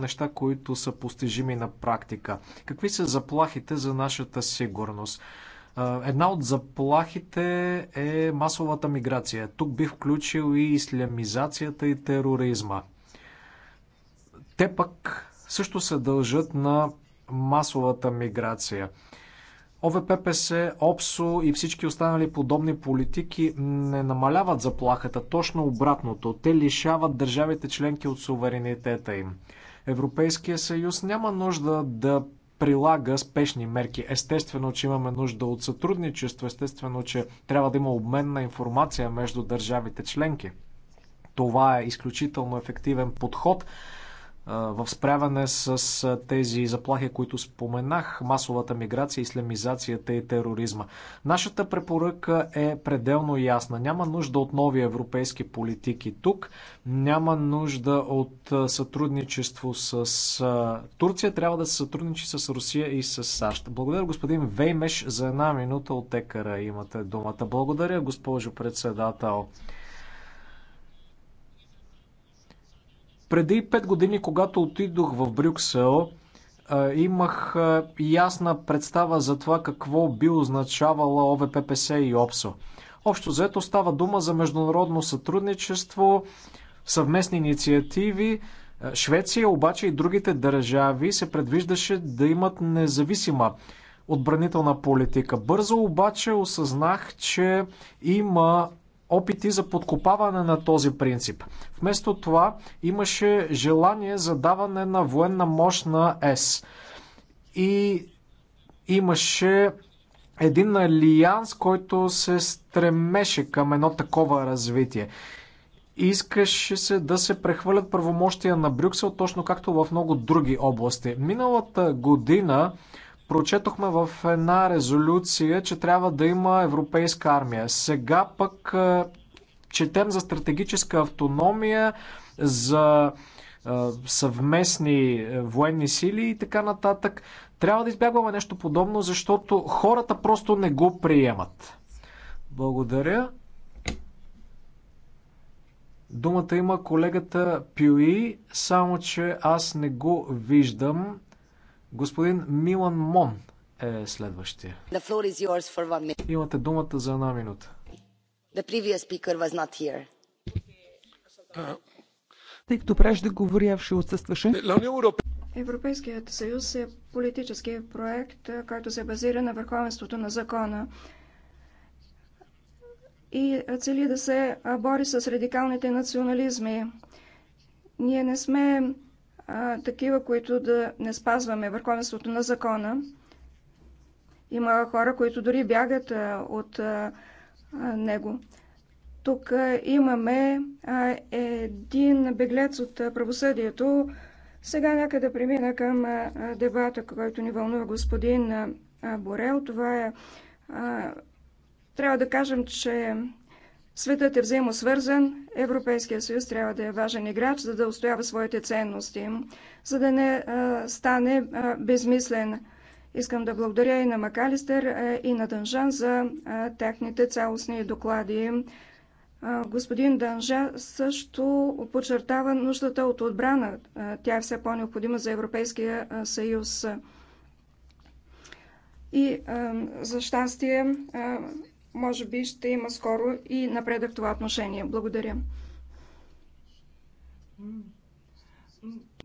неща, които са постижими на практика. Какви са заплахите за нашата сигурност? Една от заплахите е масовата миграция. Тук бих включил и ислямизацията и тероризма. Те пък също се дължат на масовата миграция. ОВППС, ОПСО и всички останали подобни политики не намаляват заплахата, точно обратното. Те лишават държавите членки от суверенитета им. Европейския съюз няма нужда да прилага спешни мерки. Естествено, че имаме нужда от сътрудничество, естествено, че трябва да има обмен на информация между държавите членки. Това е изключително ефективен подход в справяне с тези заплахи, които споменах, масовата миграция, ислямизацията и тероризма. Нашата препоръка е пределно ясна. Няма нужда от нови европейски политики тук, няма нужда от сътрудничество с Турция, трябва да се сътрудничи с Русия и с САЩ. Благодаря господин Веймеш за една минута от екара имате думата. Благодаря госпожо председател. Преди 5 години, когато отидох в Брюксел, имах ясна представа за това какво би означавала ОВППС и ОПСО. Общо заето става дума за международно сътрудничество, съвместни инициативи. Швеция обаче и другите държави се предвиждаше да имат независима отбранителна политика. Бързо обаче осъзнах, че има опити за подкопаване на този принцип. Вместо това имаше желание за даване на военна мощ на ЕС. И имаше един алианс, който се стремеше към едно такова развитие. Искаше се да се прехвърлят правомощия на Брюксел, точно както в много други области. Миналата година прочетохме в една резолюция, че трябва да има европейска армия. Сега пък е, четем за стратегическа автономия, за е, съвместни е, военни сили и така нататък. Трябва да избягваме нещо подобно, защото хората просто не го приемат. Благодаря. Думата има колегата Пюи, само че аз не го виждам. Господин Милан Мон е следващия. Имате думата за една минута. Тъй като преждеговорявши отсъстваше. Европейският съюз е политически проект, който се базира на върховенството на закона и цели да се бори с радикалните национализми. Ние не сме а, такива, които да не спазваме върховенството на закона. Има хора, които дори бягат а, от а, него. Тук а, имаме а, един беглец от а, правосъдието. Сега нека да премина към а, дебата, който ни вълнува господин а, Борел. Това е. А, трябва да кажем, че Светът е взаимосвързан, Европейския съюз трябва да е важен играч, за да устоява своите ценности, за да не а, стане а, безмислен. Искам да благодаря и на Макалистер, а, и на Дънжан за а, техните цялостни доклади. А, господин Дънжа също подчертава нуждата от отбрана. А, тя е все по-необходима за Европейския а, съюз. И а, за щастие. А, може би ще има скоро и напредък в това отношение. Благодаря.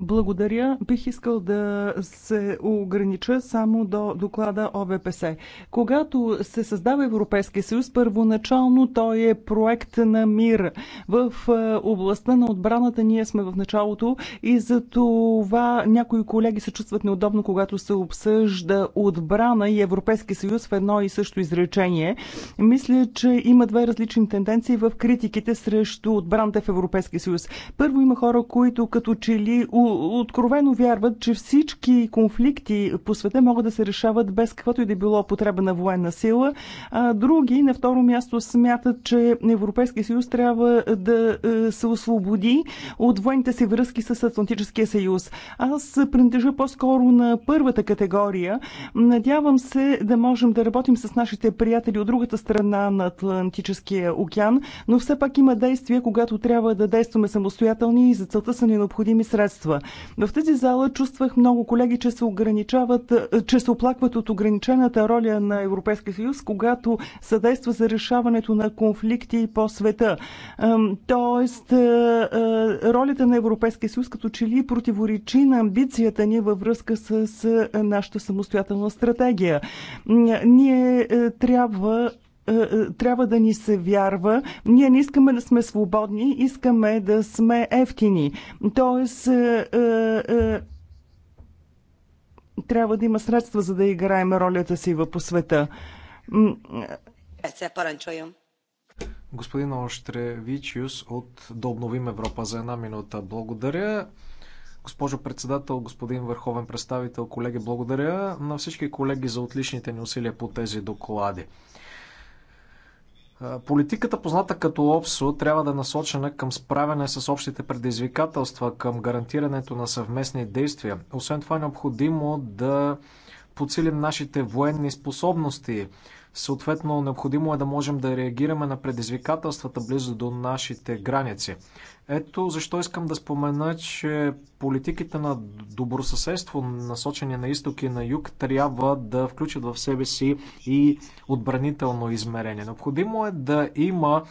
Благодаря. Бих искал да се огранича само до доклада ОВПС. Когато се създава Европейския съюз, първоначално той е проект на мир. В е, областта на отбраната ние сме в началото и за това някои колеги се чувстват неудобно, когато се обсъжда отбрана и Европейски съюз в едно и също изречение. Мисля, че има две различни тенденции в критиките срещу отбраната в Европейския съюз. Първо има хора, които като че ли откровено вярват, че всички конфликти по света могат да се решават без каквото и да било потреба на военна сила. А други на второ място смятат, че Европейския съюз трябва да е, се освободи от военните си връзки с Атлантическия съюз. Аз принадлежа по-скоро на първата категория. Надявам се да можем да работим с нашите приятели от другата страна на Атлантическия океан, но все пак има действия, когато трябва да действаме самостоятелни и за целта са ни необходими средства. В тази зала чувствах много колеги, че се ограничават, че се оплакват от ограничената роля на Европейския съюз, когато съдейства за решаването на конфликти по света. Тоест, ролята на Европейския съюз като че ли противоречи на амбицията ни във връзка с нашата самостоятелна стратегия. Ние е, трябва е, е, трябва да ни се вярва. Ние не искаме да сме свободни, искаме да сме ефтини. Тоест, е, трябва да има средства, за да играем ролята си по света. Господин Оштревичиус от Да обновим Европа за една минута. Благодаря. Госпожо председател, господин върховен представител, колеги, благодаря на всички колеги за отличните ни усилия по тези доклади. Политиката, позната като ОПСО, трябва да е насочена към справяне с общите предизвикателства, към гарантирането на съвместни действия. Освен това е необходимо да подсилим нашите военни способности, Съответно, необходимо е да можем да реагираме на предизвикателствата близо до нашите граници. Ето защо искам да спомена, че политиките на добросъседство, насочени на изток и на юг, трябва да включат в себе си и отбранително измерение. Необходимо е да има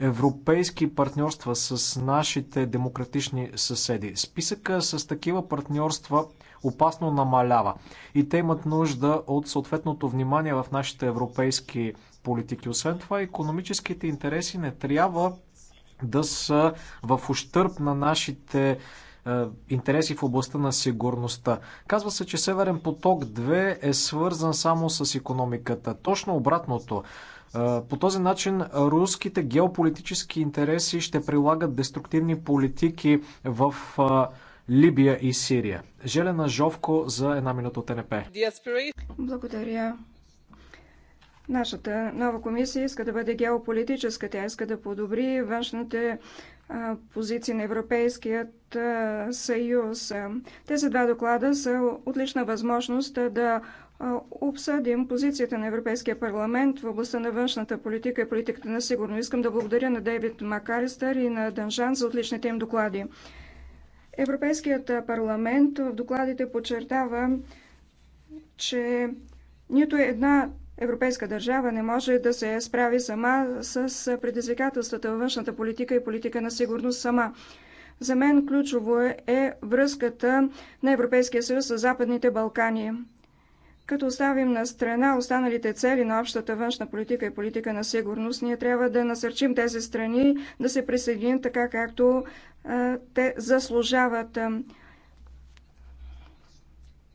европейски партньорства с нашите демократични съседи. Списъка с такива партньорства опасно намалява и те имат нужда от съответното внимание в нашите европейски политики. Освен това, економическите интереси не трябва да са в ущърп на нашите е, интереси в областта на сигурността. Казва се, че Северен поток 2 е свързан само с економиката. Точно обратното. По този начин руските геополитически интереси ще прилагат деструктивни политики в Либия и Сирия. Желена Жовко за една минута от НП. Благодаря. Нашата нова комисия иска да бъде геополитическа. Тя иска да подобри външните позиции на Европейският съюз. Тези два доклада са отлична възможност да обсъдим позицията на Европейския парламент в областта на външната политика и политиката на сигурност. Искам да благодаря на Дейвид Макаристър и на Данжан за отличните им доклади. Европейският парламент в докладите подчертава, че нито една европейска държава не може да се справи сама с предизвикателствата във външната политика и политика на сигурност сама. За мен ключово е, е връзката на Европейския съюз с Западните Балкани. Като оставим на страна останалите цели на общата външна политика и политика на сигурност, ние трябва да насърчим тези страни да се присъединят така, както а, те заслужават.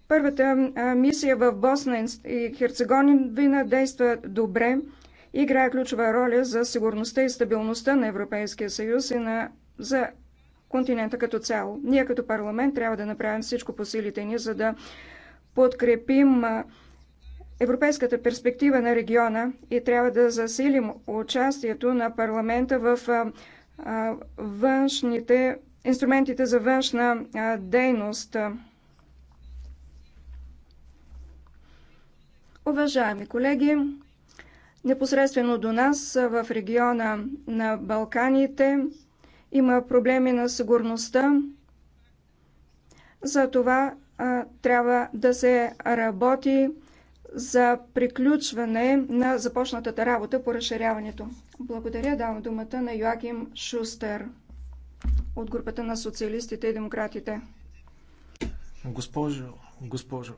Първата а, мисия в Босна и Херцеговина действа добре, играе ключова роля за сигурността и стабилността на Европейския съюз и на, за континента като цяло. Ние като парламент трябва да направим всичко по силите ни, за да подкрепим европейската перспектива на региона и трябва да засилим участието на парламента в външните инструментите за външна дейност. Уважаеми колеги, непосредствено до нас в региона на Балканите има проблеми на сигурността. За това трябва да се работи за приключване на започнатата работа по разширяването. Благодаря. Давам думата на Йоаким Шустер от групата на социалистите и демократите. Госпожо, госпожо,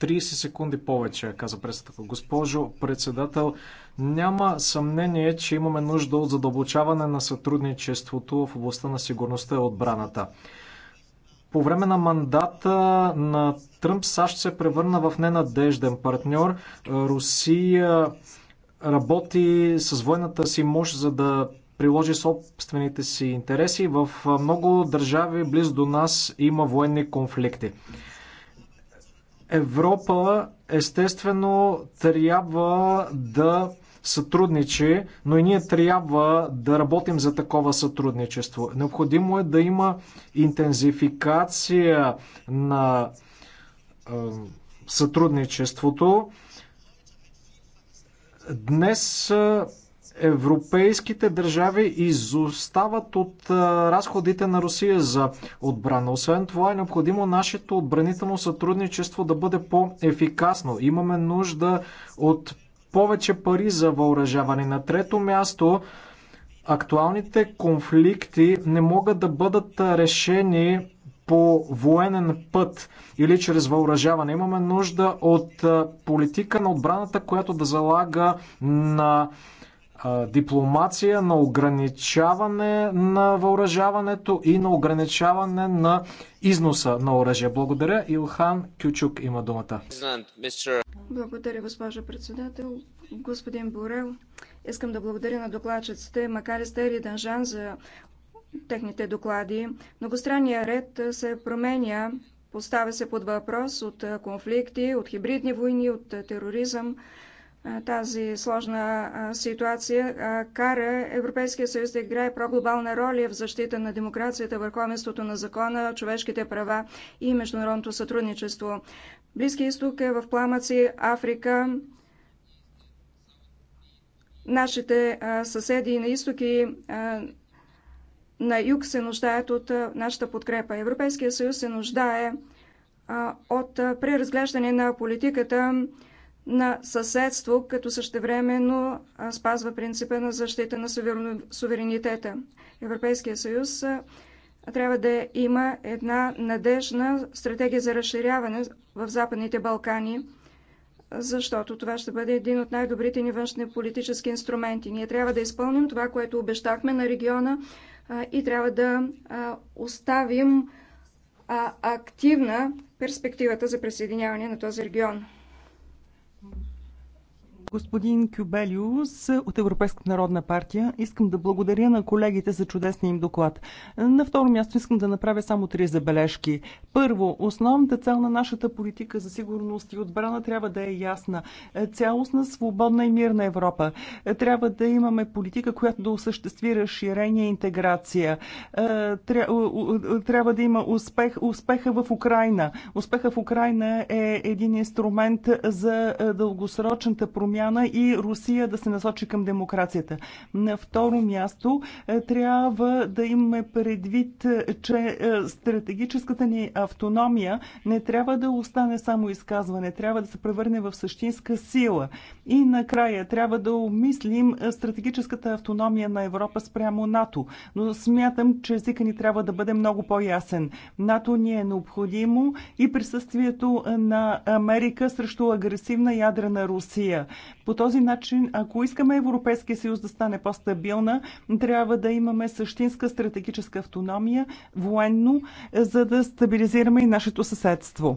30 секунди повече, каза председател. Госпожо председател, няма съмнение, че имаме нужда от задълбочаване на сътрудничеството в областта на сигурността и отбраната. По време на мандата на Тръмп САЩ се превърна в ненадежден партньор. Русия работи с военната си мощ, за да приложи собствените си интереси. В много държави близо до нас има военни конфликти. Европа естествено трябва да сътрудничи, но и ние трябва да работим за такова сътрудничество. Необходимо е да има интензификация на е, сътрудничеството. Днес европейските държави изостават от разходите на Русия за отбрана. Освен това е необходимо нашето отбранително сътрудничество да бъде по-ефикасно. Имаме нужда от повече пари за въоръжаване. На трето място, актуалните конфликти не могат да бъдат решени по военен път или чрез въоръжаване. Имаме нужда от политика на отбраната, която да залага на дипломация на ограничаване на въоръжаването и на ограничаване на износа на оръжие. Благодаря. Илхан Кючук има думата. Благодаря, госпожа председател. Господин Борел, искам да благодаря на докладчиците, макар и Стери Данжан, за техните доклади. Многостранния ред се променя, поставя се под въпрос от конфликти, от хибридни войни, от тероризъм. Тази сложна ситуация кара Европейския съюз да играе по-глобална роля в защита на демокрацията, върховенството на закона, човешките права и международното сътрудничество. Близки изток е в пламъци, Африка, нашите съседи на изтоки на юг се нуждаят от нашата подкрепа. Европейския съюз се нуждае от преразглеждане на политиката на съседство, като същевременно спазва принципа на защита на суверенитета. Европейския съюз трябва да има една надежна стратегия за разширяване в Западните Балкани, защото това ще бъде един от най-добрите ни външни политически инструменти. Ние трябва да изпълним това, което обещахме на региона и трябва да оставим активна перспективата за присъединяване на този регион. Господин Кюбелиус от Европейската народна партия, искам да благодаря на колегите за чудесния им доклад. На второ място искам да направя само три забележки. Първо, основната цел на нашата политика за сигурност и отбрана трябва да е ясна. Цялостна, свободна и мирна Европа. Трябва да имаме политика, която да осъществи разширение и интеграция. Трябва да има успех, успеха в Украина. Успеха в Украина е един инструмент за дългосрочната промяна промяна и Русия да се насочи към демокрацията. На второ място е, трябва да имаме предвид, че е, стратегическата ни автономия не трябва да остане само изказване, трябва да се превърне в същинска сила. И накрая трябва да обмислим е, стратегическата автономия на Европа спрямо НАТО. Но смятам, че езика ни трябва да бъде много по-ясен. НАТО ни е необходимо и присъствието на Америка срещу агресивна ядрена Русия. По този начин, ако искаме Европейския съюз да стане по-стабилна, трябва да имаме същинска стратегическа автономия, военно, за да стабилизираме и нашето съседство.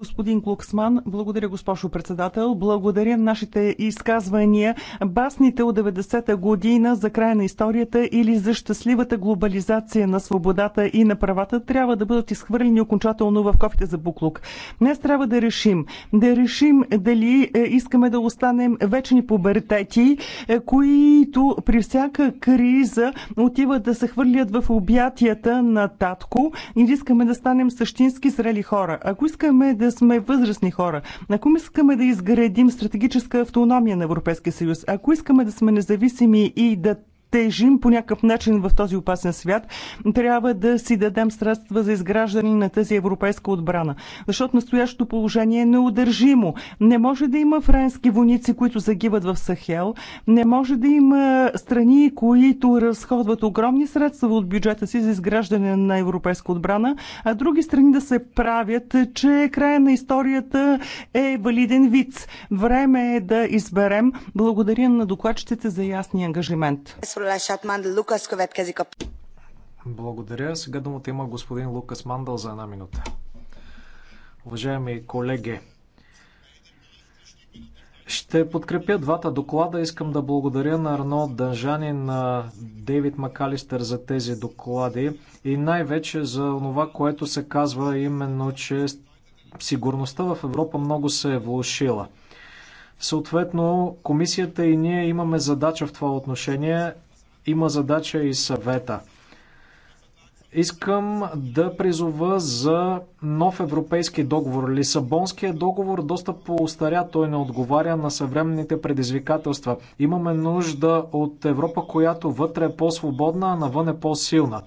Господин Клуксман, благодаря госпожо председател. Благодаря на нашите изказвания. Басните от 90-та година за края на историята или за щастливата глобализация на свободата и на правата трябва да бъдат изхвърлени окончателно в кофите за буклук. Днес трябва да решим. Да решим дали е, искаме да останем вечни пубертети, е, които при всяка криза отиват да се хвърлят в обятията на татко или искаме да станем същински зрели хора, ако искаме да сме възрастни хора, ако искаме да изградим стратегическа автономия на Европейския съюз, ако искаме да сме независими и да тежим по някакъв начин в този опасен свят, трябва да си дадем средства за изграждане на тази европейска отбрана. Защото настоящото положение е неудържимо. Не може да има френски войници, които загиват в Сахел. Не може да има страни, които разходват огромни средства от бюджета си за изграждане на европейска отбрана, а други страни да се правят, че края на историята е валиден вид. Време е да изберем. Благодаря на докладчиците за ясния ангажимент. Фролешат Мандел Лукас, következik a... Благодаря. Сега думата има господин Лукас Мандал за една минута. Уважаеми колеги, ще подкрепя двата доклада. Искам да благодаря на Арно Дънжани, на Дейвид Макалистър за тези доклади и най-вече за това, което се казва именно, че сигурността в Европа много се е влушила. Съответно, комисията и ние имаме задача в това отношение има задача и съвета. Искам да призова за нов европейски договор. Лисабонският договор доста поостаря, той не отговаря на съвременните предизвикателства. Имаме нужда от Европа, която вътре е по-свободна, а навън е по-силна.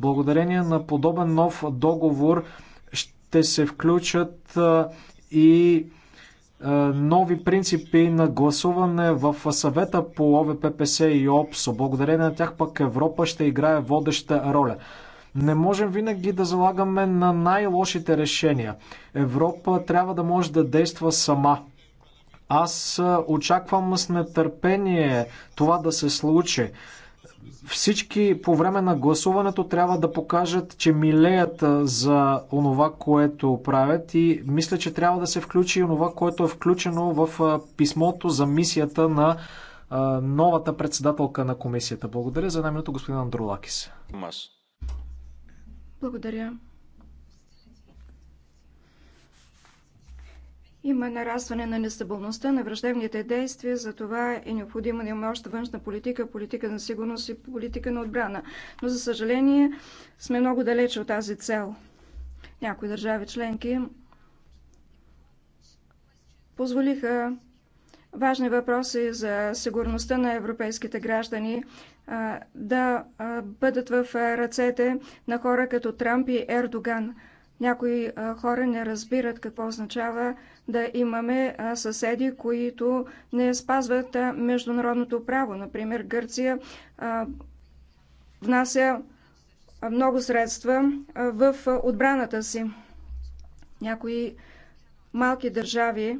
Благодарение на подобен нов договор ще се включат и е, нови принципи на гласуване в съвета по ОВППС и ОПСО. Благодарение на тях пък Европа ще играе водеща роля. Не можем винаги да залагаме на най-лошите решения. Европа трябва да може да действа сама. Аз е, очаквам с нетърпение това да се случи. Всички по време на гласуването трябва да покажат, че милеят за онова, което правят и мисля, че трябва да се включи онова, което е включено в писмото за мисията на новата председателка на комисията. Благодаря за една минута, господин Андролакис. Благодаря. Има нарастване на нестабилността на враждебните действия, за това е необходимо да има още външна политика, политика на сигурност и политика на отбрана. Но, за съжаление, сме много далече от тази цел. Някои държави членки позволиха важни въпроси за сигурността на европейските граждани да бъдат в ръцете на хора като Трамп и Ердоган. Някои хора не разбират какво означава да имаме съседи, които не спазват международното право. Например, Гърция внася много средства в отбраната си. Някои малки държави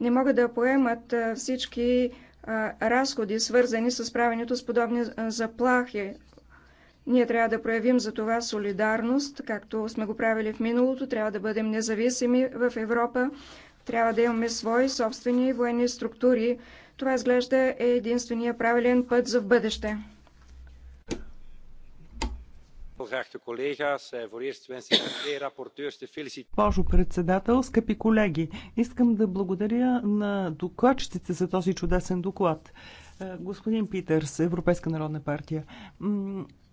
не могат да поемат всички разходи, свързани с правенето с подобни заплахи. Ние трябва да проявим за това солидарност, както сме го правили в миналото. Трябва да бъдем независими в Европа, трябва да имаме свои собствени военни структури. Това изглежда е единствения правилен път за в бъдеще. Пожо eh, председател, скъпи колеги, искам да благодаря на докладчиците за този чудесен доклад. Е, господин Питърс, Европейска народна партия.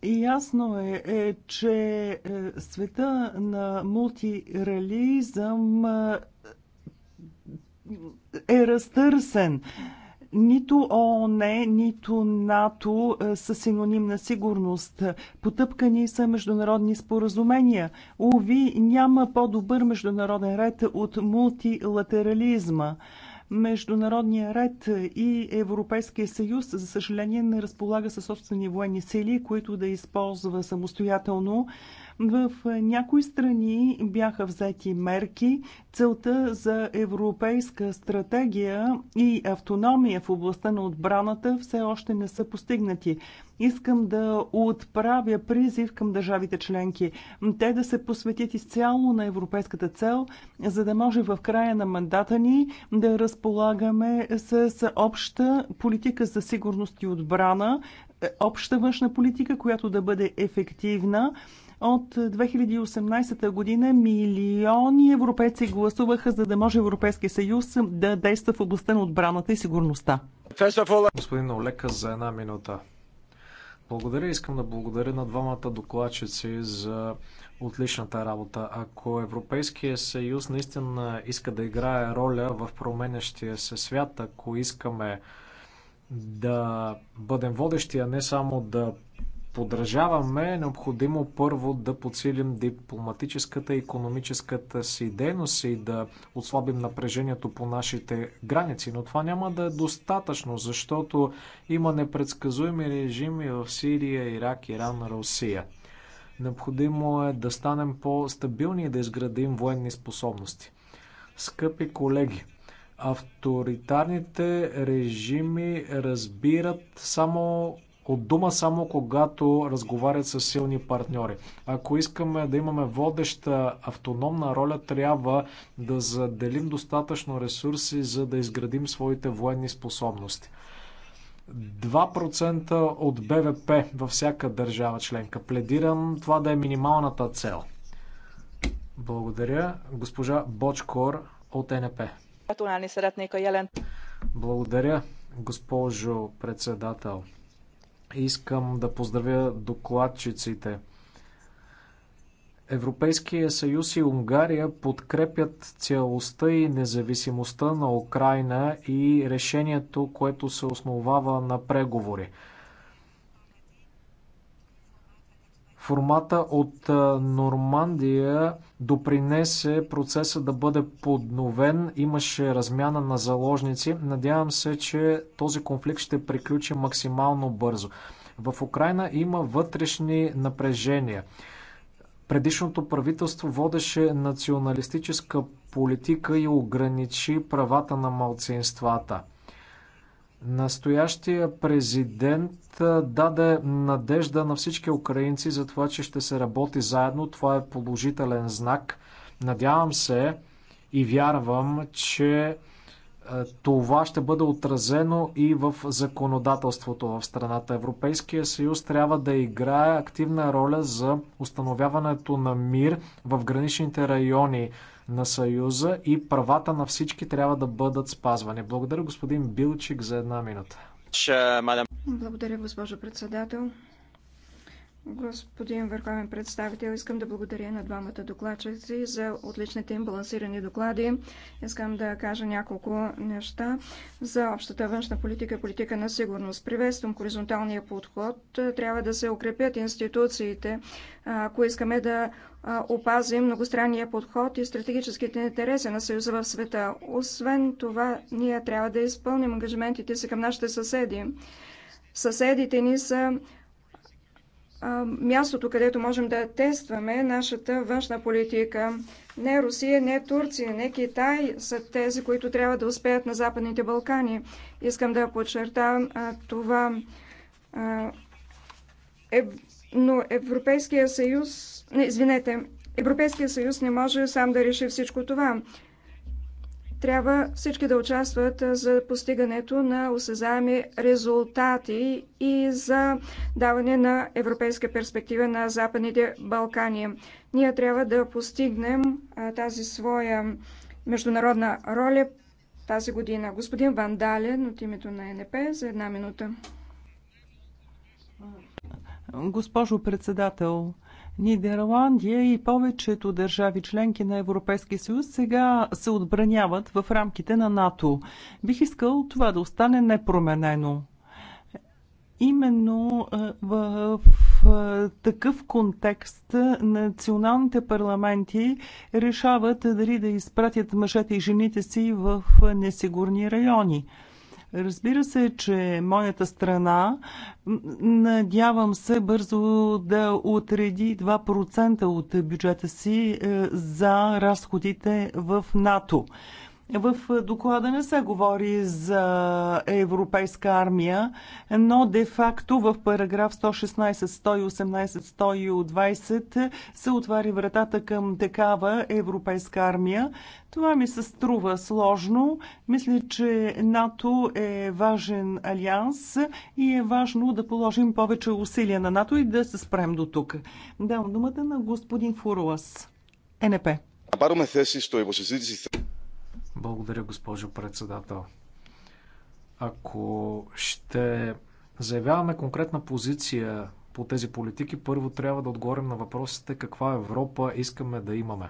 И ясно е, е, че е, света на мултирализъм е, е разтърсен. Нито ООН, нито НАТО е, са синоним на сигурност. Потъпкани са международни споразумения. Уви, няма по-добър международен ред от мултилатерализма. Международният ред и Европейския съюз, за съжаление, не разполага със собствени военни сили, които да използва самостоятелно. В някои страни бяха взети мерки. Целта за европейска стратегия и автономия в областта на отбраната все още не са постигнати. Искам да отправя призив към държавите членки. Те да се посветят изцяло на европейската цел, за да може в края на мандата ни да разполагаме с обща политика за сигурност и отбрана, е, обща външна политика, която да бъде ефективна, от 2018 година милиони европейци гласуваха, за да може Европейския съюз да действа в областта на отбраната и сигурността. Господин Олека за една минута. Благодаря. Искам да благодаря на двамата докладчици за отличната работа. Ако Европейския съюз наистина иска да играе роля в променящия се свят, ако искаме да бъдем водещи, а не само да подражаваме, е необходимо първо да подсилим дипломатическата и економическата си дейност и да отслабим напрежението по нашите граници. Но това няма да е достатъчно, защото има непредсказуеми режими в Сирия, Ирак, Иран, Русия. Необходимо е да станем по-стабилни и да изградим военни способности. Скъпи колеги, авторитарните режими разбират само от дума само когато разговарят с силни партньори. Ако искаме да имаме водеща автономна роля, трябва да заделим достатъчно ресурси, за да изградим своите военни способности. 2% от БВП във всяка държава членка. Пледирам това да е минималната цел. Благодаря. Госпожа Бочкор от НП. Благодаря, госпожо председател. Искам да поздравя докладчиците. Европейския съюз и Унгария подкрепят цялостта и независимостта на Украина и решението, което се основава на преговори. Формата от Нормандия допринесе процеса да бъде подновен. Имаше размяна на заложници. Надявам се, че този конфликт ще приключи максимално бързо. В Украина има вътрешни напрежения. Предишното правителство водеше националистическа политика и ограничи правата на малцинствата. Настоящия президент даде надежда на всички украинци за това, че ще се работи заедно. Това е положителен знак. Надявам се и вярвам, че е, това ще бъде отразено и в законодателството в страната. Европейския съюз трябва да играе активна роля за установяването на мир в граничните райони на Съюза и правата на всички трябва да бъдат спазвани. Благодаря господин Билчик за една минута. Благодаря, госпожо председател. Господин Върховен представител, искам да благодаря на двамата докладчици за отличните им балансирани доклади. Искам да кажа няколко неща за общата външна политика и политика на сигурност. Приветствам хоризонталния подход. Трябва да се укрепят институциите, ако искаме да опазим многостранния подход и стратегическите интереси на Съюза в света. Освен това, ние трябва да изпълним ангажиментите си към нашите съседи. Съседите ни са мястото, където можем да тестваме нашата външна политика. Не Русия, не Турция, не Китай са тези, които трябва да успеят на Западните Балкани. Искам да подчертавам това. Е, но Европейския съюз, не, извинете, Европейския съюз не може сам да реши всичко това. Трябва всички да участват за постигането на осезаеми резултати и за даване на европейска перспектива на Западните Балкани. Ние трябва да постигнем тази своя международна роля тази година. Господин Вандален от името на НП за една минута. Госпожо председател, Нидерландия и повечето държави членки на Европейския съюз сега се отбраняват в рамките на НАТО. Бих искал това да остане непроменено. Именно е, в е, такъв контекст националните парламенти решават дали да изпратят мъжете и жените си в несигурни райони. Разбира се, че моята страна, надявам се бързо да отреди 2% от бюджета си е, за разходите в НАТО. В доклада не се говори за европейска армия, но де-факто в параграф 116, 118, 120 се отваря вратата към такава европейска армия. Това ми се струва сложно. Мисля, че НАТО е важен алианс и е важно да положим повече усилия на НАТО и да се спрем до тук. Давам думата на господин Фуруас, НП. Параме θέση στο υποσυζήτηση благодаря, госпожо председател. Ако ще заявяваме конкретна позиция по тези политики, първо трябва да отговорим на въпросите каква Европа искаме да имаме.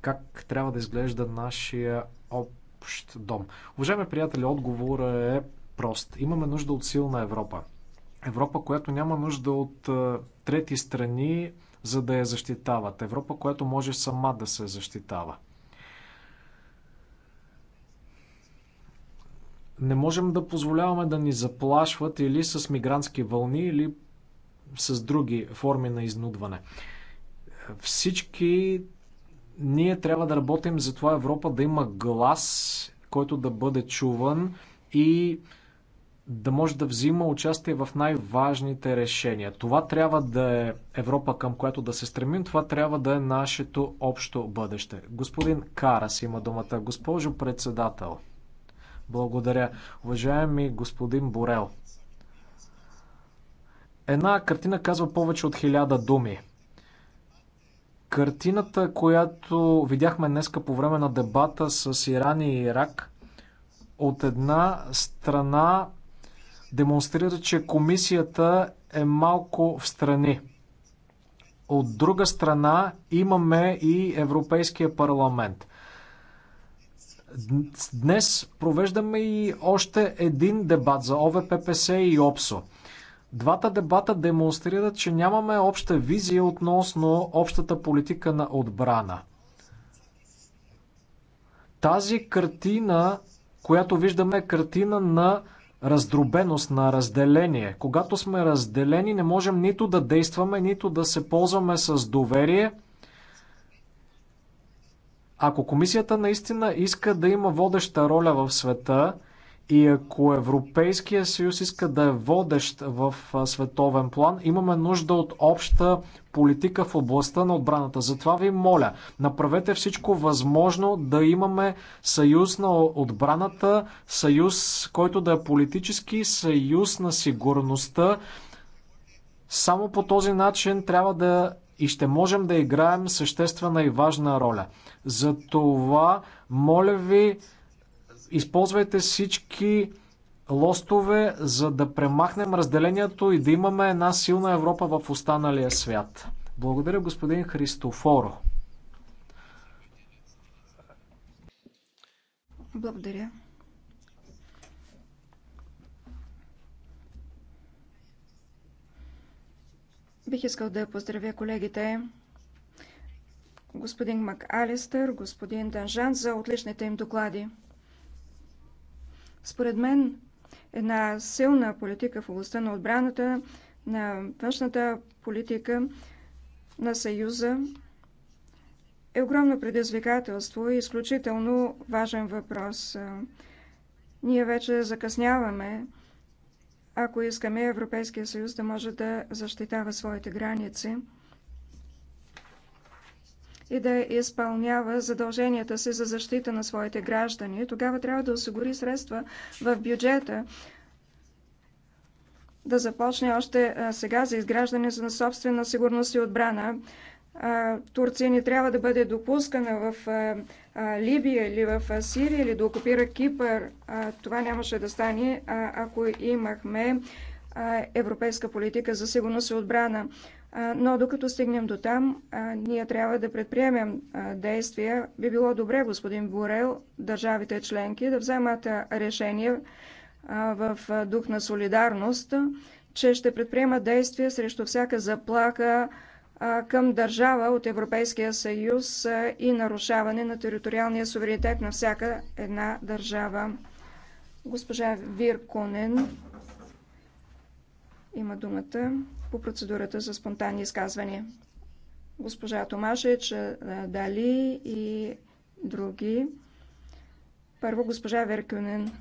Как трябва да изглежда нашия общ дом. Уважаеми приятели, отговора е прост. Имаме нужда от силна Европа. Европа, която няма нужда от трети страни, за да я защитават. Европа, която може сама да се защитава. Не можем да позволяваме да ни заплашват или с мигрантски вълни, или с други форми на изнудване. Всички ние трябва да работим за това Европа да има глас, който да бъде чуван и да може да взима участие в най-важните решения. Това трябва да е Европа, към която да се стремим, това трябва да е нашето общо бъдеще. Господин Карас има думата. Госпожо председател, благодаря. Уважаеми господин Борел, една картина казва повече от хиляда думи. Картината, която видяхме днеска по време на дебата с Иран и Ирак, от една страна демонстрира, че комисията е малко в страни. От друга страна имаме и Европейския парламент. Днес провеждаме и още един дебат за ОВППС и ОПСО. Двата дебата демонстрират, че нямаме обща визия относно общата политика на отбрана. Тази картина, която виждаме, е картина на раздробеност, на разделение. Когато сме разделени, не можем нито да действаме, нито да се ползваме с доверие – ако комисията наистина иска да има водеща роля в света и ако Европейския съюз иска да е водещ в световен план, имаме нужда от обща политика в областта на отбраната. Затова ви моля, направете всичко възможно да имаме съюз на отбраната, съюз, който да е политически, съюз на сигурността. Само по този начин трябва да и ще можем да играем съществена и важна роля. Затова, моля ви, използвайте всички лостове, за да премахнем разделението и да имаме една силна Европа в останалия свят. Благодаря, господин Христофоро. Благодаря. Бих искал да поздравя колегите господин МакАлистър, господин Данжан за отличните им доклади. Според мен, една силна политика в областта на отбраната, на външната политика на Съюза е огромно предизвикателство и изключително важен въпрос. Ние вече закъсняваме ако искаме Европейския съюз да може да защитава своите граници и да изпълнява задълженията си за защита на своите граждани, тогава трябва да осигури средства в бюджета, да започне още сега за изграждане на собствена сигурност и отбрана. Турция не трябва да бъде допускана в Либия или в Сирия или да окупира Кипър. Това нямаше да стане, ако имахме европейска политика за сигурност и отбрана. Но докато стигнем до там, ние трябва да предприемем действия. Би било добре, господин Борел, държавите членки да вземат решение в дух на солидарност, че ще предприемат действия срещу всяка заплаха към държава от Европейския съюз и нарушаване на териториалния суверенитет на всяка една държава. Госпожа Вирконен има думата по процедурата за спонтанни изказвания. Госпожа Томашеч, Дали и други. Първо госпожа Веркюнен.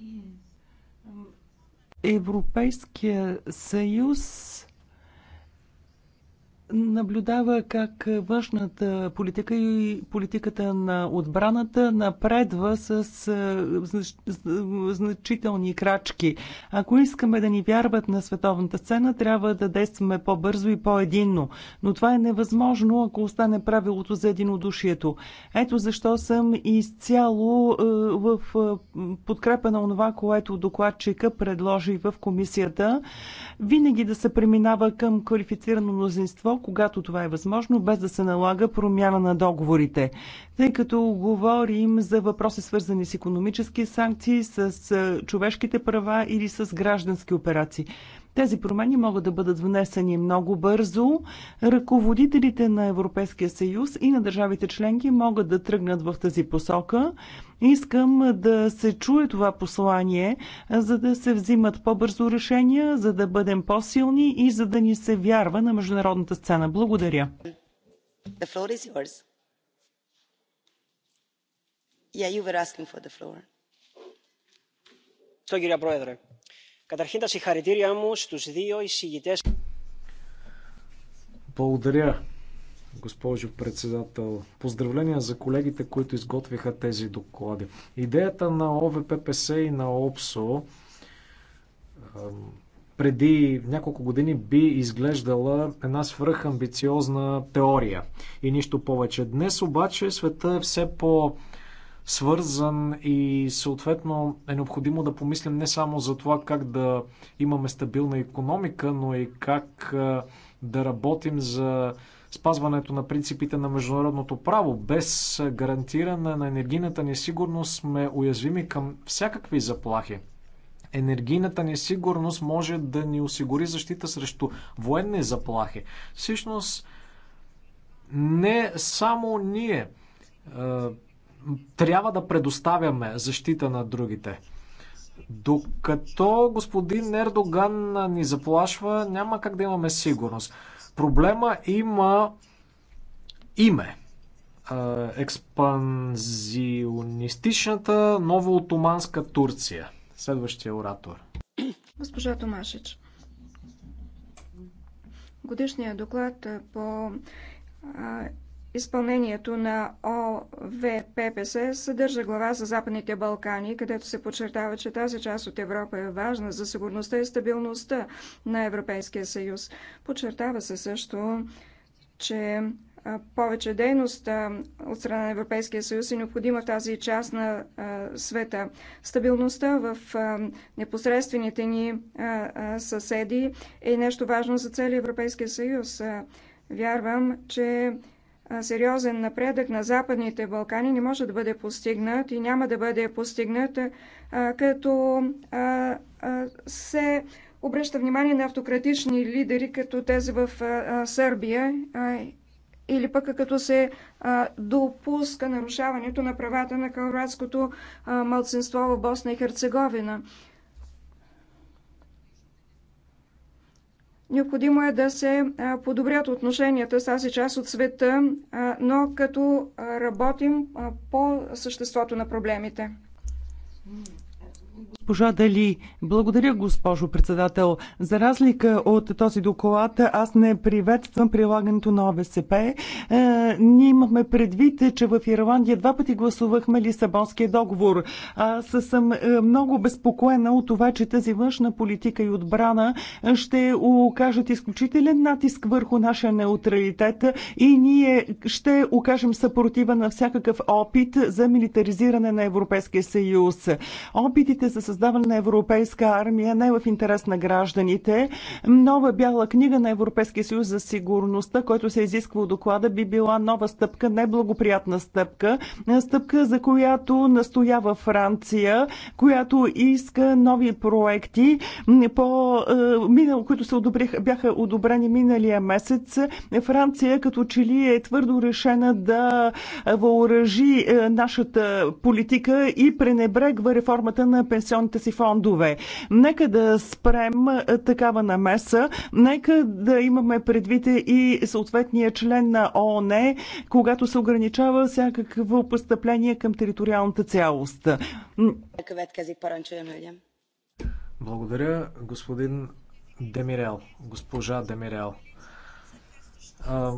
Yeah. Е, Европейския съюз наблюдава как външната политика и политиката на отбраната напредва с значителни крачки. Ако искаме да ни вярват на световната сцена, трябва да действаме по-бързо и по-единно. Но това е невъзможно, ако остане правилото за единодушието. Ето защо съм изцяло в подкрепа на това, което докладчика предложи в комисията. Винаги да се преминава към квалифицирано мнозинство, когато това е възможно, без да се налага промяна на договорите. Тъй като говорим за въпроси свързани с економически санкции, с човешките права или с граждански операции. Тези промени могат да бъдат внесени много бързо. Ръководителите на Европейския съюз и на държавите членки могат да тръгнат в тази посока. Искам да се чуе това послание, за да се взимат по-бързо решения, за да бъдем по-силни и за да ни се вярва на международната сцена. Благодаря. The floor is yours. Yeah, you were asking for the floor. So, Καταρχήν τα συγχαρητήριά μου στους δύο εισηγητές. Благодаря, госпожо председател. Поздравления за колегите, които изготвиха тези доклади. Идеята на ОВППС и на ОПСО преди няколко години би изглеждала една свръхамбициозна теория и нищо повече. Днес обаче света е все по- свързан и съответно е необходимо да помислим не само за това как да имаме стабилна економика, но и как да работим за спазването на принципите на международното право. Без гарантиране на енергийната ни сигурност сме уязвими към всякакви заплахи. Енергийната несигурност може да ни осигури защита срещу военни заплахи. Всъщност, не само ние трябва да предоставяме защита на другите. Докато господин Ердоган ни заплашва, няма как да имаме сигурност. Проблема има име. Експанзионистичната новоотоманска Турция. Следващия оратор. Госпожа Томашич. Годишният доклад по изпълнението на ОВППС съдържа глава за Западните Балкани, където се подчертава, че тази част от Европа е важна за сигурността и стабилността на Европейския съюз. Подчертава се също, че повече дейност от страна на Европейския съюз е необходима в тази част на света. Стабилността в непосредствените ни съседи е нещо важно за целия Европейския съюз. Вярвам, че сериозен напредък на Западните Балкани не може да бъде постигнат и няма да бъде постигнат, като се обръща внимание на автократични лидери, като тези в Сърбия, или пък като се допуска нарушаването на правата на калратското малцинство в Босна и Херцеговина. Необходимо е да се подобрят отношенията с тази част от света, но като работим по съществото на проблемите госпожа Дали. Благодаря, госпожо председател. За разлика от този доклад, аз не приветствам прилагането на ОВСП. Е, ние имахме предвид, че в Ирландия два пъти гласувахме Лисабонския договор. Аз съм е, много безпокоена от това, че тази външна политика и отбрана е, ще окажат изключителен натиск върху нашия неутралитет и ние ще окажем съпротива на всякакъв опит за милитаризиране на Европейския съюз. Опитите за създаване създаване на европейска армия не е в интерес на гражданите. Нова бяла книга на Европейския съюз за сигурността, който се изисква от доклада, би била нова стъпка, неблагоприятна стъпка. Стъпка, за която настоява Франция, която иска нови проекти, по, е, минал, които се одобрих, бяха одобрени миналия месец. Франция като че ли е твърдо решена да въоръжи е, нашата политика и пренебрегва реформата на пенсионните пенсионните си фондове. Нека да спрем такава намеса, нека да имаме предвид и съответния член на ООН, когато се ограничава всякакво престъпление към териториалната цялост. Благодаря, господин Демирел, госпожа Демирел.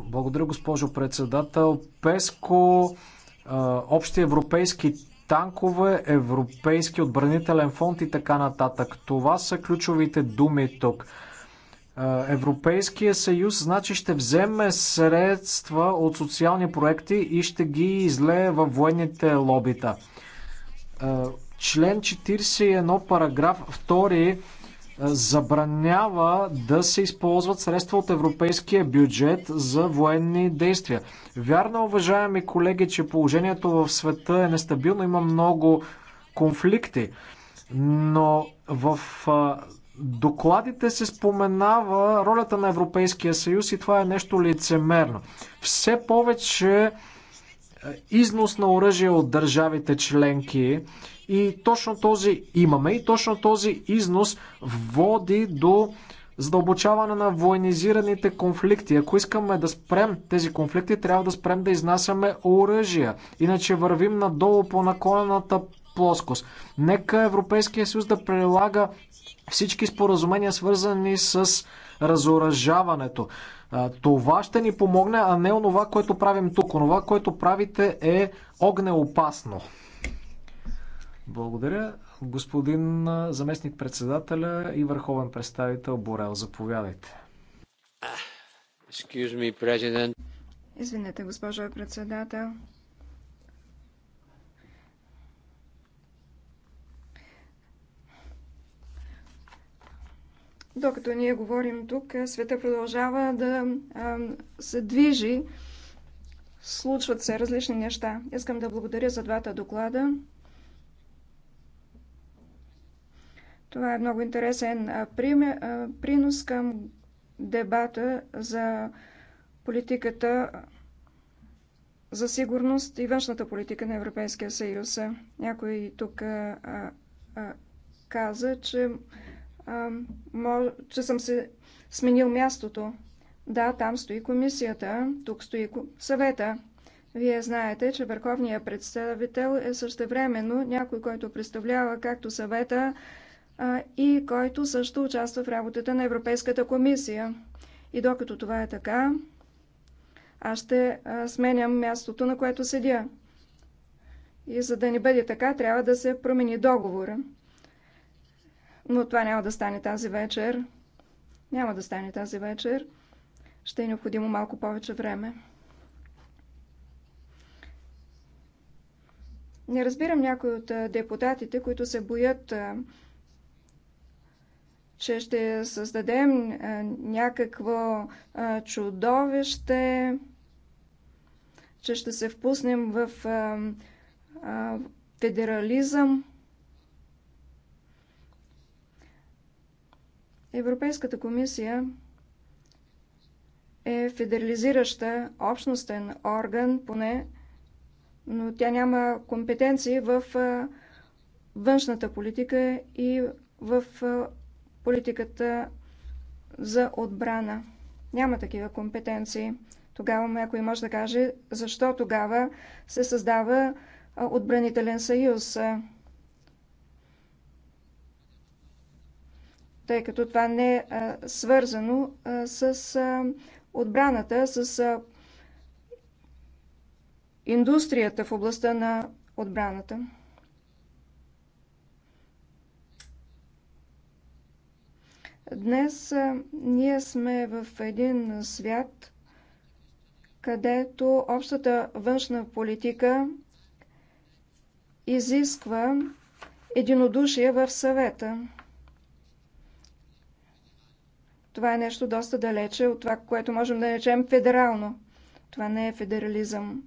Благодаря, госпожо председател. Песко, общи европейски танкове, Европейски отбранителен фонд и така нататък. Това са ключовите думи тук. Е, Европейския съюз значи ще вземе средства от социални проекти и ще ги излее във военните лобита. Е, член 41, параграф 2 забранява да се използват средства от европейския бюджет за военни действия. Вярно, уважаеми колеги, че положението в света е нестабилно, има много конфликти, но в докладите се споменава ролята на Европейския съюз и това е нещо лицемерно. Все повече износ на оръжие от държавите членки и точно този имаме и точно този износ води до задълбочаване на военизираните конфликти. Ако искаме да спрем тези конфликти, трябва да спрем да изнасяме оръжия. Иначе вървим надолу по наклонената плоскост. Нека Европейския съюз да прилага всички споразумения, свързани с разоръжаването. Това ще ни помогне, а не онова, което правим тук. Онова, което правите е огнеопасно. Благодаря. Господин заместник председателя и върховен представител Борел, заповядайте. Excuse me, President. Извинете, госпожо председател. Докато ние говорим тук, света продължава да се движи. Случват се различни неща. Искам да благодаря за двата доклада. Това е много интересен принос към дебата за политиката за сигурност и външната политика на Европейския съюз. Някой тук а, а, каза, че че съм се сменил мястото. Да, там стои комисията, тук стои съвета. Вие знаете, че върховният представител е същевременно някой, който представлява както съвета и който също участва в работата на Европейската комисия. И докато това е така, аз ще сменям мястото, на което седя. И за да не бъде така, трябва да се промени договора. Но това няма да стане тази вечер. Няма да стане тази вечер. Ще е необходимо малко повече време. Не разбирам някои от депутатите, които се боят, че ще създадем някакво чудовище, че ще се впуснем в федерализъм. Европейската комисия е федерализираща общностен орган, поне, но тя няма компетенции в външната политика и в политиката за отбрана. Няма такива компетенции. Тогава и може да каже, защо тогава се създава отбранителен съюз. тъй като това не е свързано с отбраната, с индустрията в областта на отбраната. Днес ние сме в един свят, където общата външна политика изисква единодушие в съвета. Това е нещо доста далече от това, което можем да речем федерално. Това не е федерализъм.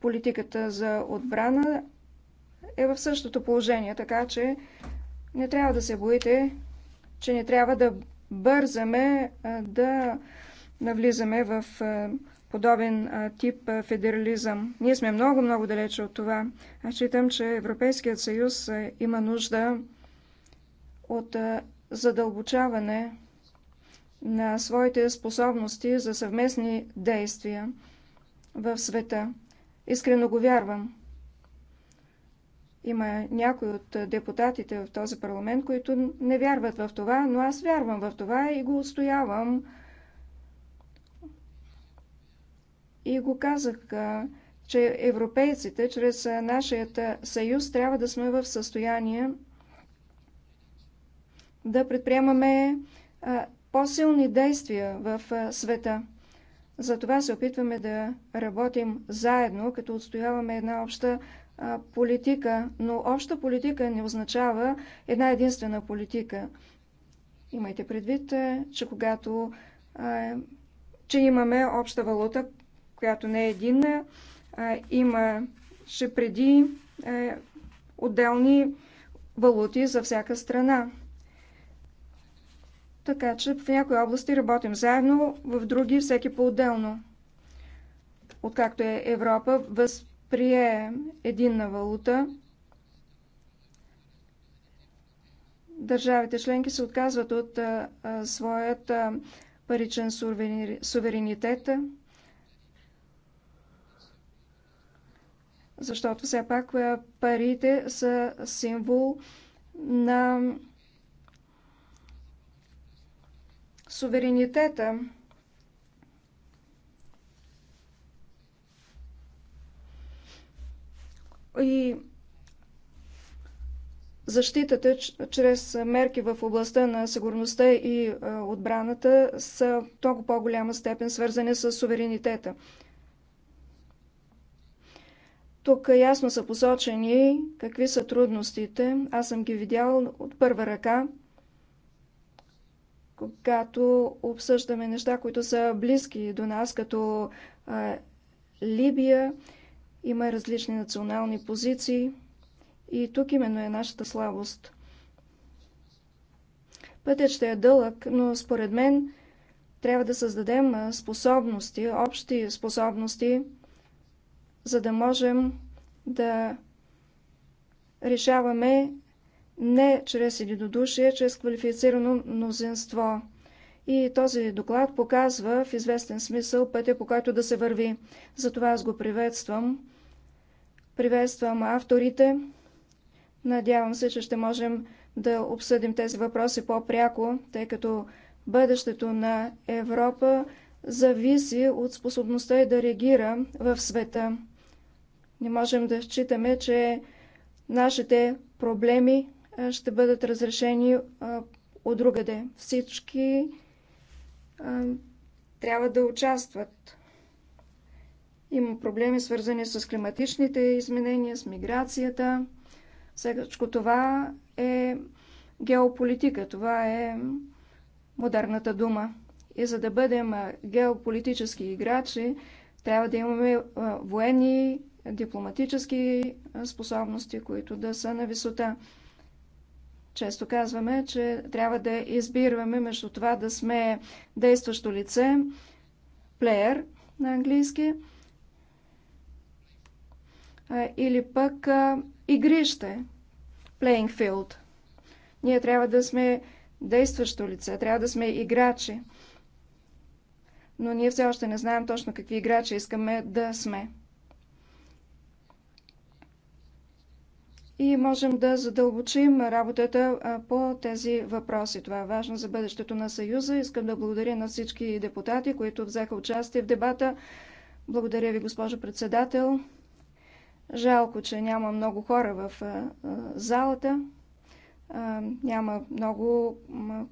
Политиката за отбрана е в същото положение, така че не трябва да се боите, че не трябва да бързаме да навлизаме в подобен тип федерализъм. Ние сме много-много далече от това. Аз считам, че Европейският съюз има нужда от задълбочаване на своите способности за съвместни действия в света. Искрено го вярвам. Има някои от депутатите в този парламент, които не вярват в това, но аз вярвам в това и го отстоявам. И го казах, че европейците чрез нашия съюз трябва да сме в състояние да предприемаме по-силни действия в света. Затова се опитваме да работим заедно, като отстояваме една обща политика, но обща политика не означава една единствена политика. Имайте предвид, че когато че имаме обща валута, която не е единна, имаше преди отделни валути за всяка страна. Така че в някои области работим заедно, в други всеки по-отделно. Откакто е Европа, възприе единна валута. Държавите членки се отказват от а, а, своят а, паричен суверенитет, защото все пак парите са символ на суверенитета. И защитата чрез мерки в областта на сигурността и е, отбраната са много по-голяма степен свързани с суверенитета. Тук ясно са посочени какви са трудностите. Аз съм ги видял от първа ръка – когато обсъждаме неща, които са близки до нас, като а, Либия. Има различни национални позиции и тук именно е нашата слабост. Пътят ще е дълъг, но според мен трябва да създадем способности, общи способности, за да можем да решаваме не чрез единодушие, чрез квалифицирано мнозинство. И този доклад показва в известен смисъл пътя, по който да се върви. Затова аз го приветствам. Приветствам авторите. Надявам се, че ще можем да обсъдим тези въпроси по-пряко, тъй като бъдещето на Европа зависи от способността и да реагира в света. Не можем да считаме, че нашите проблеми ще бъдат разрешени от другаде. Всички трябва да участват. Има проблеми свързани с климатичните изменения, с миграцията. Всичко това е геополитика. Това е модерната дума. И за да бъдем геополитически играчи, трябва да имаме военни, дипломатически способности, които да са на висота. Често казваме, че трябва да избираме между това да сме действащо лице, плеер на английски, или пък игрище, playing field. Ние трябва да сме действащо лице, трябва да сме играчи. Но ние все още не знаем точно какви играчи искаме да сме. и можем да задълбочим работата по тези въпроси. Това е важно за бъдещето на Съюза. Искам да благодаря на всички депутати, които взеха участие в дебата. Благодаря ви, госпожо председател. Жалко, че няма много хора в залата. Няма много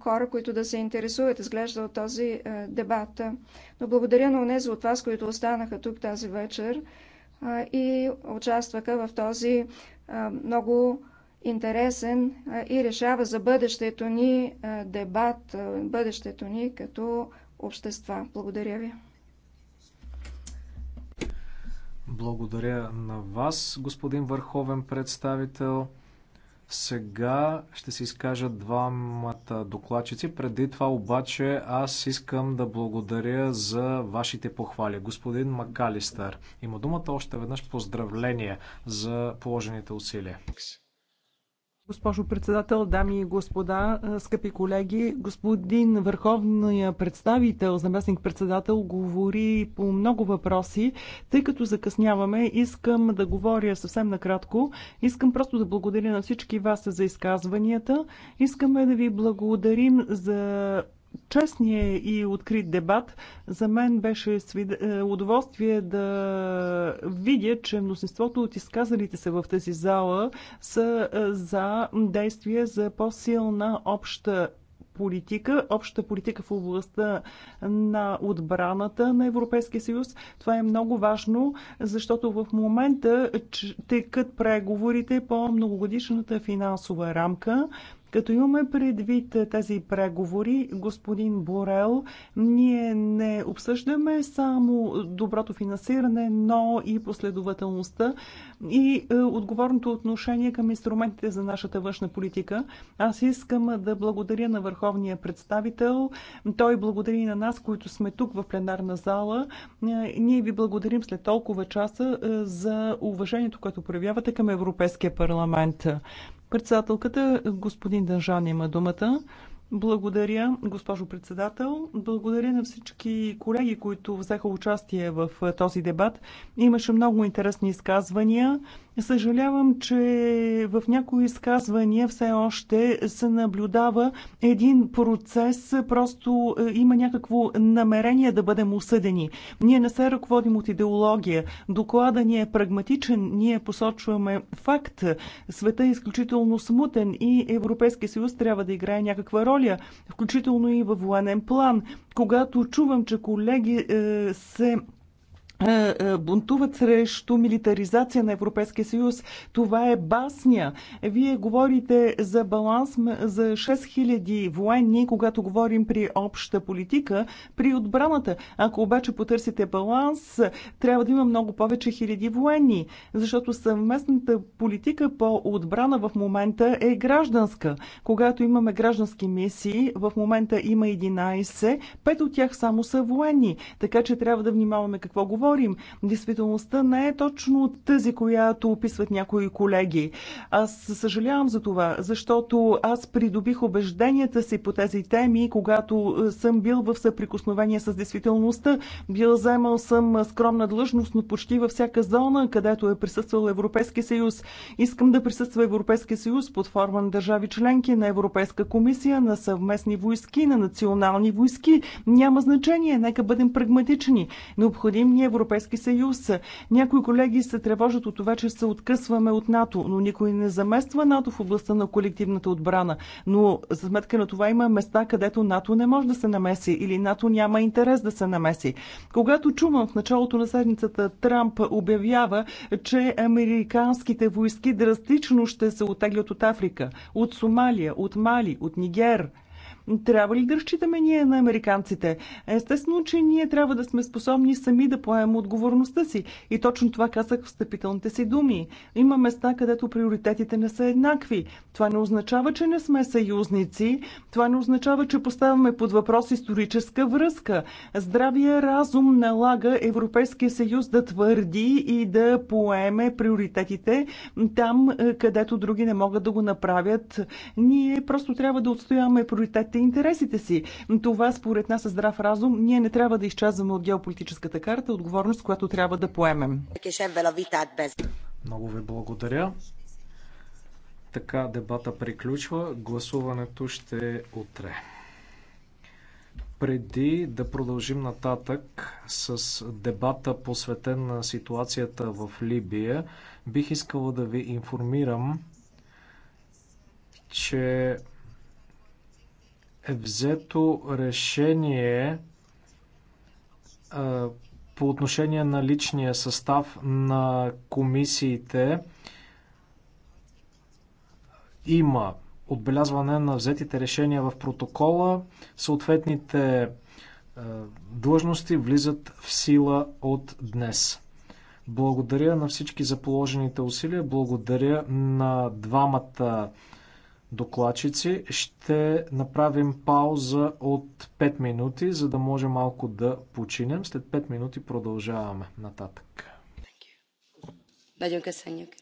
хора, които да се интересуват, изглежда от този дебат. Но благодаря на онези от вас, които останаха тук тази вечер и участваха в този много интересен и решава за бъдещето ни дебат, бъдещето ни като общества. Благодаря ви. Благодаря на вас, господин върховен представител. Сега ще се изкажат двамата докладчици. Преди това обаче аз искам да благодаря за вашите похвали. Господин Макалистър има думата още веднъж поздравления за положените усилия. Госпожо председател, дами и господа, скъпи колеги, господин върховния представител, заместник председател, говори по много въпроси. Тъй като закъсняваме, искам да говоря съвсем накратко. Искам просто да благодаря на всички вас за изказванията. Искаме да ви благодарим за честния и открит дебат. За мен беше е, удоволствие да видя, че мнозинството от изказалите се в тази зала са е, за действия за по-силна обща политика, обща политика в областта на отбраната на Европейския съюз. Това е много важно, защото в момента текат преговорите по многогодишната финансова рамка. Като имаме предвид тези преговори, господин Борел, ние не обсъждаме само доброто финансиране, но и последователността и е, отговорното отношение към инструментите за нашата външна политика. Аз искам да благодаря на върховния представител. Той благодари на нас, които сме тук в пленарна зала. Е, ние ви благодарим след толкова часа е, за уважението, което проявявате към Европейския парламент. Председателката, господин Дънжан има думата. Благодаря, госпожо председател. Благодаря на всички колеги, които взеха участие в е, този дебат. Имаше много интересни изказвания. Съжалявам, че в някои изказвания все още се наблюдава един процес, просто е, има някакво намерение да бъдем осъдени. Ние не се ръководим от идеология. Доклада ни е прагматичен, ние посочваме факт. Света е изключително смутен и Европейския съюз трябва да играе някаква роля роля, включително и във военен план. Когато чувам, че колеги е, се е, е, бунтуват срещу милитаризация на Европейския съюз. Това е басня. Вие говорите за баланс за 6000 военни, когато говорим при обща политика, при отбраната. Ако обаче потърсите баланс, трябва да има много повече хиляди военни, защото съвместната политика по отбрана в момента е гражданска. Когато имаме граждански мисии, в момента има 11, 5 от тях само са военни, така че трябва да внимаваме какво говорим говорим. Действителността не е точно тази, която описват някои колеги. Аз съжалявам за това, защото аз придобих убежденията си по тези теми, когато е, съм бил в съприкосновение с действителността. Бил заемал съм скромна длъжност, но почти във всяка зона, където е присъствал Европейски съюз. Искам да присъства Европейски съюз под форма на държави членки, на Европейска комисия, на съвместни войски, на национални войски. Няма значение, нека бъдем прагматични. Необходим ни е Европейски съюз. Някои колеги се тревожат от това, че се откъсваме от НАТО, но никой не замества НАТО в областта на колективната отбрана. Но за сметка на това има места, където НАТО не може да се намеси или НАТО няма интерес да се намеси. Когато чувам в началото на седмицата Трамп обявява, че американските войски драстично ще се отеглят от Африка, от Сомалия, от Мали, от Нигер – трябва ли да разчитаме ние на американците? Естествено, че ние трябва да сме способни сами да поемем отговорността си. И точно това казах в встъпителните си думи. Има места, където приоритетите не са еднакви. Това не означава, че не сме съюзници. Това не означава, че поставяме под въпрос историческа връзка. Здравия разум налага Европейския съюз да твърди и да поеме приоритетите там, където други не могат да го направят. Ние просто трябва да отстояваме приоритетите защитите интересите си. Това според нас е здрав разум. Ние не трябва да изчезваме от геополитическата карта отговорност, която трябва да поемем. Много ви благодаря. Така дебата приключва. Гласуването ще е утре. Преди да продължим нататък с дебата посветен на ситуацията в Либия, бих искала да ви информирам, че е взето решение по отношение на личния състав на комисиите. Има отбелязване на взетите решения в протокола. Съответните длъжности влизат в сила от днес. Благодаря на всички за положените усилия. Благодаря на двамата докладчици. Ще направим пауза от 5 минути, за да може малко да починем. След 5 минути продължаваме нататък. Nagyon köszönjük.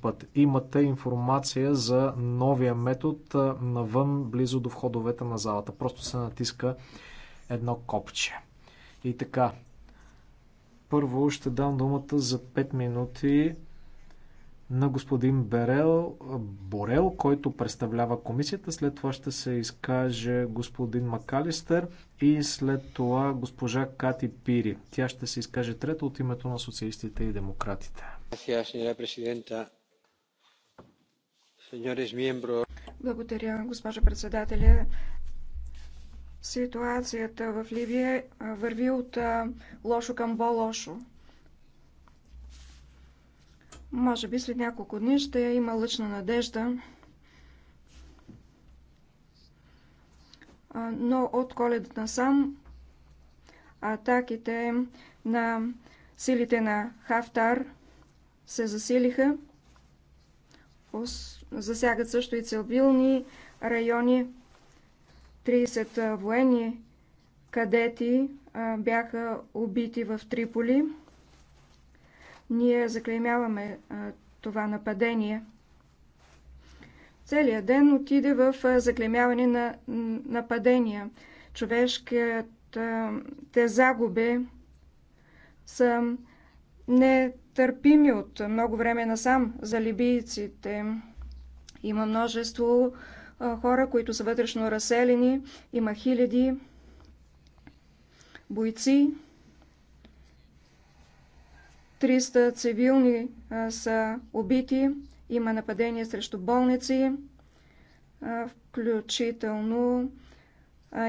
път. Имате информация за новия метод навън, близо до входовете на залата. Просто се натиска едно копче. И така, първо ще дам думата за 5 минути на господин Берел, Борел, който представлява комисията. След това ще се изкаже господин Макалистър и след това госпожа Кати Пири. Тя ще се изкаже трета от името на социалистите и демократите. Благодаря, señora presidenta. Благодаря, госпожо председателя. Ситуацията в Ливия върви от лошо към по-лошо. Може би след няколко дни ще има лъчна надежда. Но от коледа насам атаките на силите на Хафтар се засилиха засягат също и цивилни райони. 30 военни кадети бяха убити в Триполи. Ние заклеймяваме това нападение. Целият ден отиде в заклемяване на нападения. Човешкият те загуби са не търпими от много време насам за либийците. Има множество хора, които са вътрешно разселени, има хиляди бойци, 300 цивилни са убити, има нападения срещу болници, включително